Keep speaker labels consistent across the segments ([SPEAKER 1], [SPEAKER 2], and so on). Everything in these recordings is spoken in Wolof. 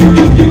[SPEAKER 1] Thank you.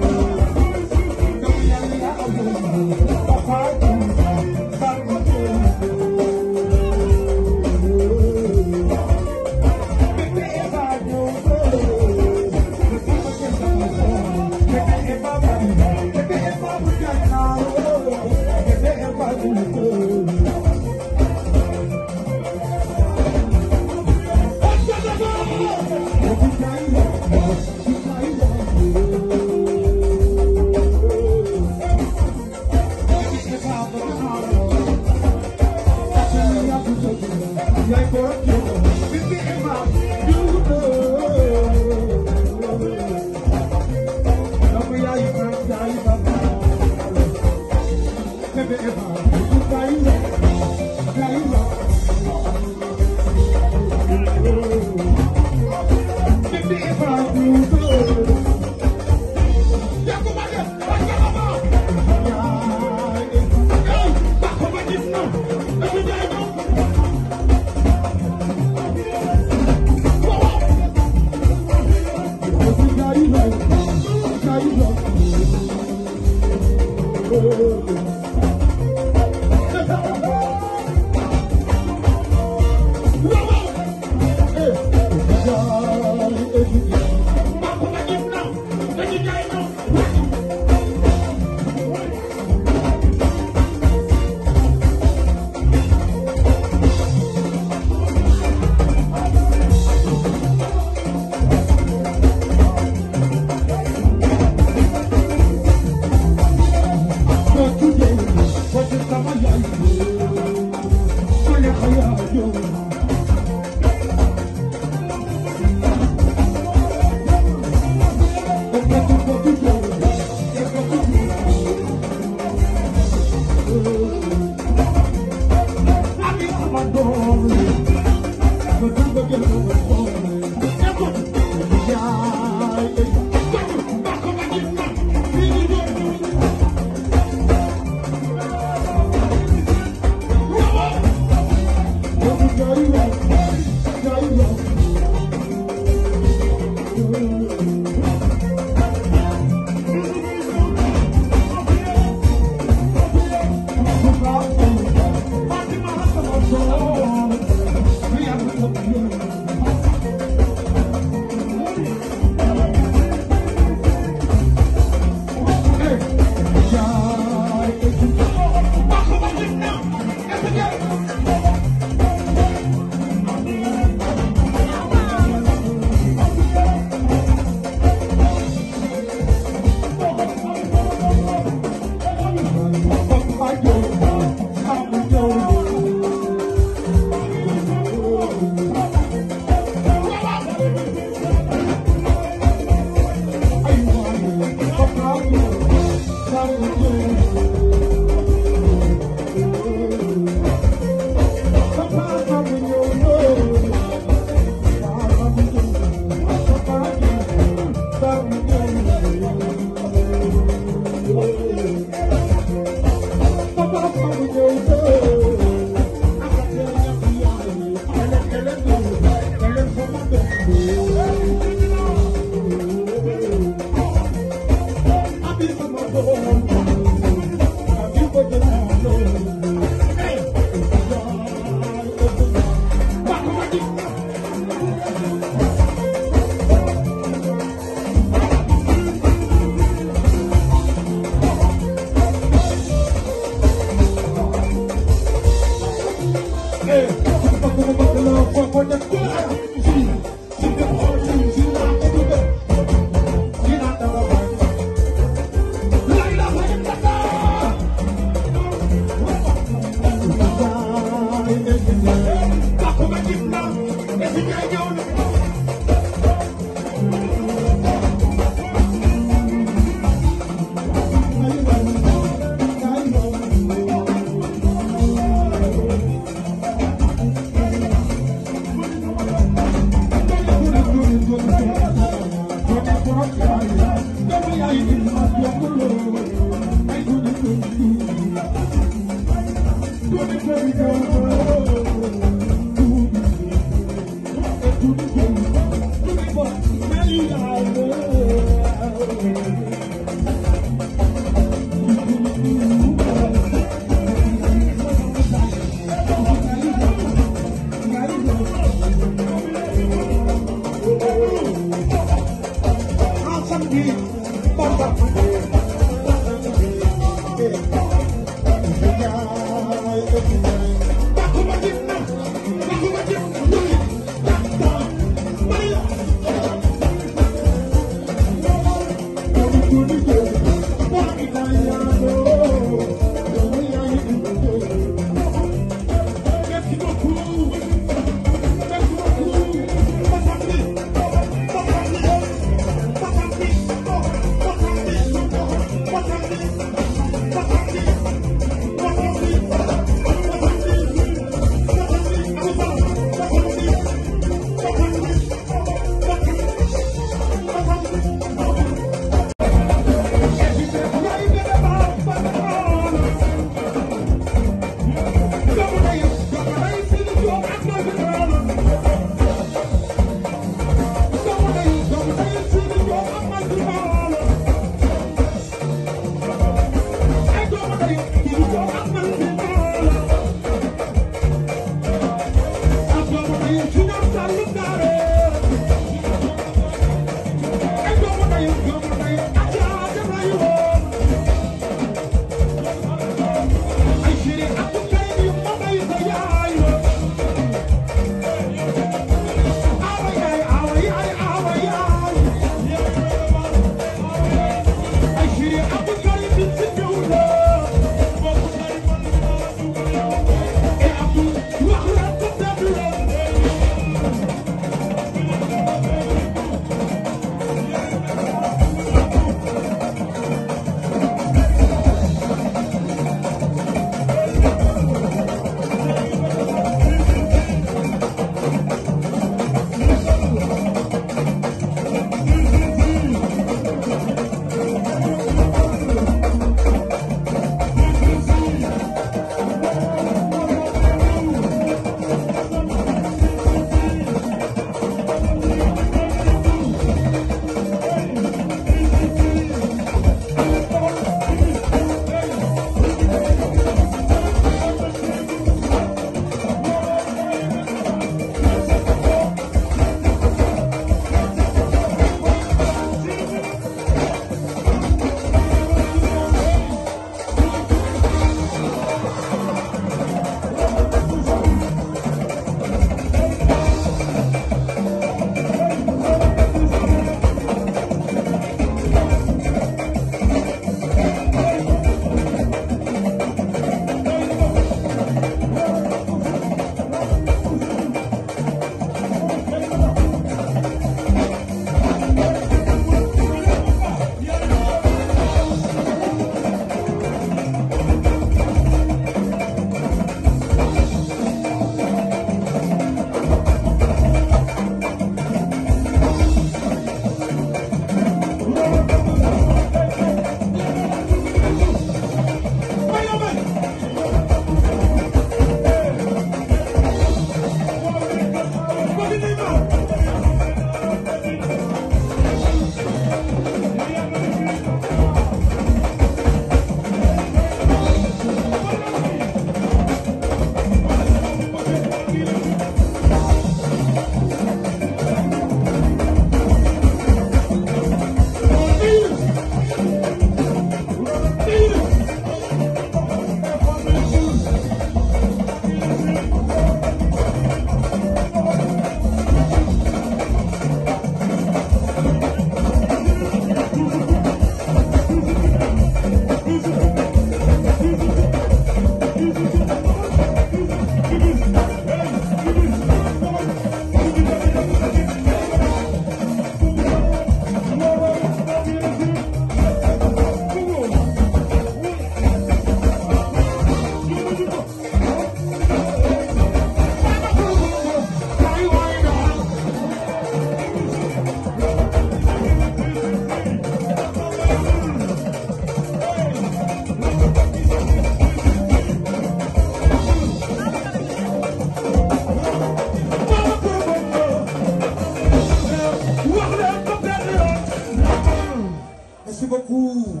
[SPEAKER 1] beaucoup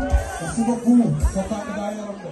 [SPEAKER 1] merci beaucoup kontaan naa yaram de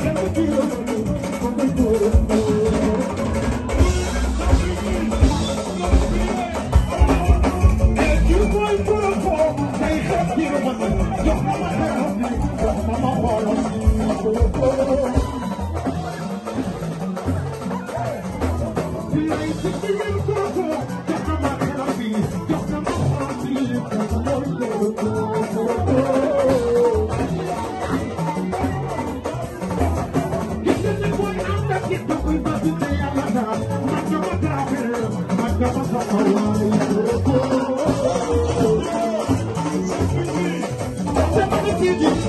[SPEAKER 1] Thank you. Thank you.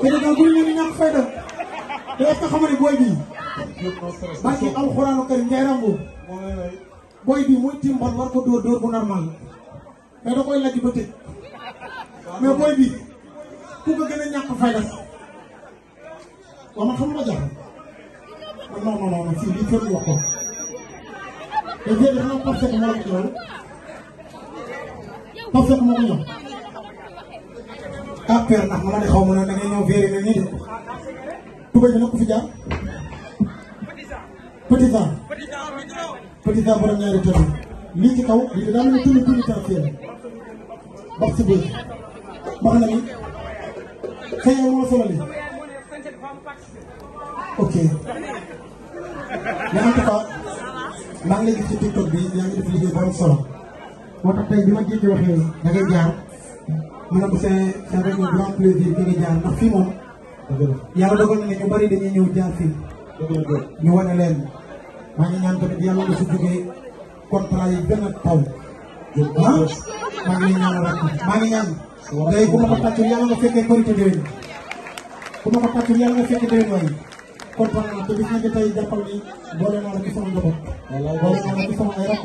[SPEAKER 1] Sénégal bu ñu ne ñàkk fayda te est-ce que xam nga ne booy bii. barki alxuraanu ngay rambu. booy bii muy timbal war ko dóor dóor bu normal mais da koy lajj ba tëj mais booy bii ku ko gën a ñàkk fayda waaw man xam nga jaxal man non non non fii lii wax ko te jéeg dafa am parce que moo la ko kàppeer ndax ma ne xaw ma ne da ngay ñëw féeri ne nii de tubéy bi nag fi jaar petit temps petit temps borom ñaari jot lii ci na ni xëy na moo solo ok mais en tout cas maa ngi ci TikTok bi yaa ngi def liggéey bu am solo moo tax tey bi ma jékki waxee da ngay jaar maanaam c' est c' est avec un grand plaisir que nga jaar ndax fii moom. yàlla dogal na ne ñu bari dañuy ñëw jaar fii. ñu wane leen maa ngi ñaan tamit yàlla nga si jógee contrat yi gën a taw. maa ngi ñaan maa ngi ñaan. day ku ma ko tàccul yàlla nga fekkee korité déwén. ku ma ko tàccul yàlla nga fekkee déwén waay. kontaan naa te bis nga jotee jàppal ni boole naa la ci sama njaboot. boole naa la ci sama ay rakk.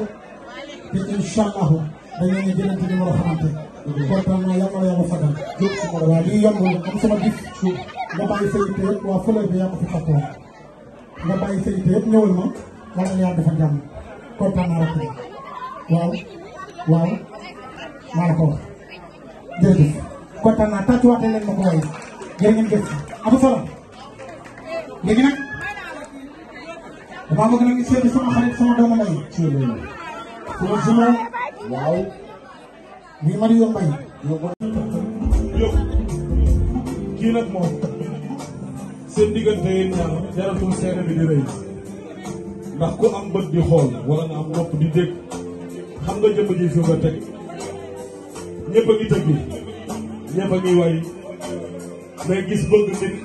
[SPEAKER 1] te incha allahu dañoo ñu jëlante ñu war a xamante. kontaan naa yàlla na yàlla fagal. waaw lii yombul am sama gis. nga waa fële bi yaa ko fi fàttewoo.
[SPEAKER 2] nga bàyyi sa yitte
[SPEAKER 1] yëpp ñëwal ma naa rek waaw waaw maa ko wax. jërëjëf kontaan naa tàccuwaatee leen ma ko waaye jërë ngeen jëf am solo léegi nag damaa bëgg nag muy Mario Mbaye yow kii nag moom seen diggante yéen ñaar jaratul seene bi di rëy ndax ku am bët di xool wala nga am nopp di dégg xam nga jëmm ji fi nga teg ñëpp a ngi tëgg ñëpp a ngi way mais gis bëgg nit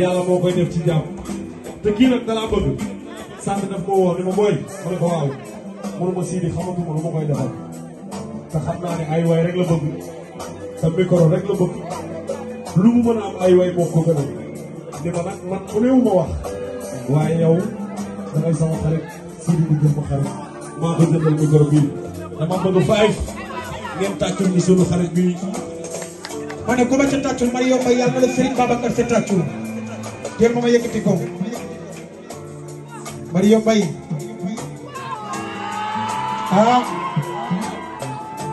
[SPEAKER 1] yàlla moo koy def ci jàmm te kii nag dalaa bëgg sànq daf ko woo ni ma booy ma ne ko waaw mënu ma siidi xamatuma lu ma koy defal te xam naa ne ay way rek la bëgg te micro rek la bëgg lu mu mën a am ay way moo ko gënal ma nag man ku ma wax waaye yow dangay sama xarit si di jëm xarit maa ko jëndal ma ne ku ma ca tàccul man yow ma yàlla na la Serigne Babacar sa tàccul jël ma ma yëkkati ko Mario Mbaye ah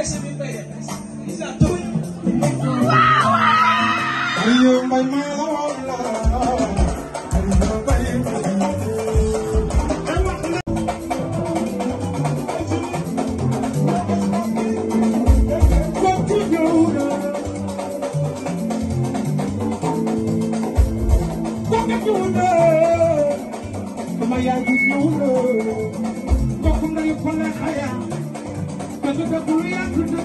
[SPEAKER 1] Wow, wow.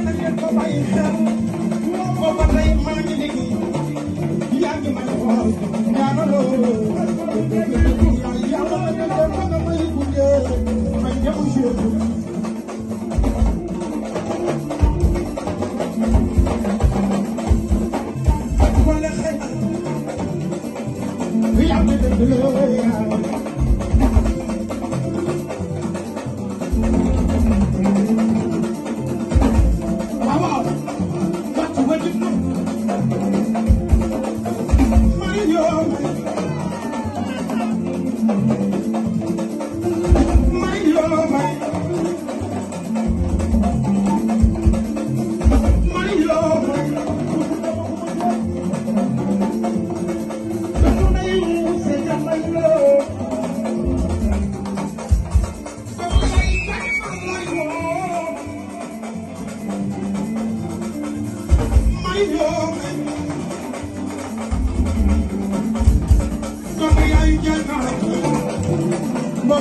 [SPEAKER 1] Thank you.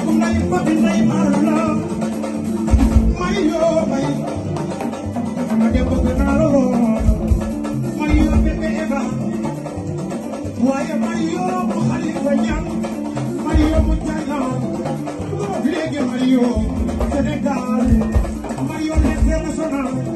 [SPEAKER 1] Mario International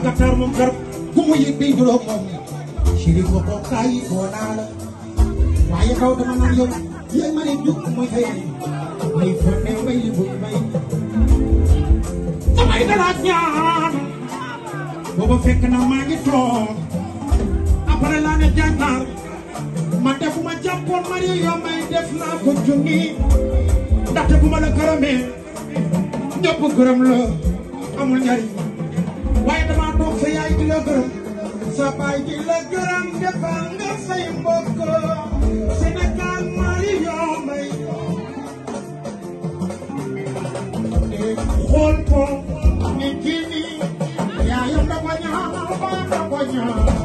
[SPEAKER 1] Dakar moom garab gu mu yëg day juróom moom Chérif ko ko boo naa waaye kaw dama naan yow yéen ma ne jóg mooy xëy may fonne may li buñ may damay dalaat ñaan booba fekk na maa ngi toog après laa ne jàngaar ma defuma jàppoon Marie yoo may def naa ko junni ndaxte bu ma la gërëmee ñëpp gërëm la amul njariñ waaye dama toog sa yaay di la gërëm sa baay gërëm defal nga say mbokk Sénégal mari yoo may xool ko ni kii nii yaayam da ko ñaaw ba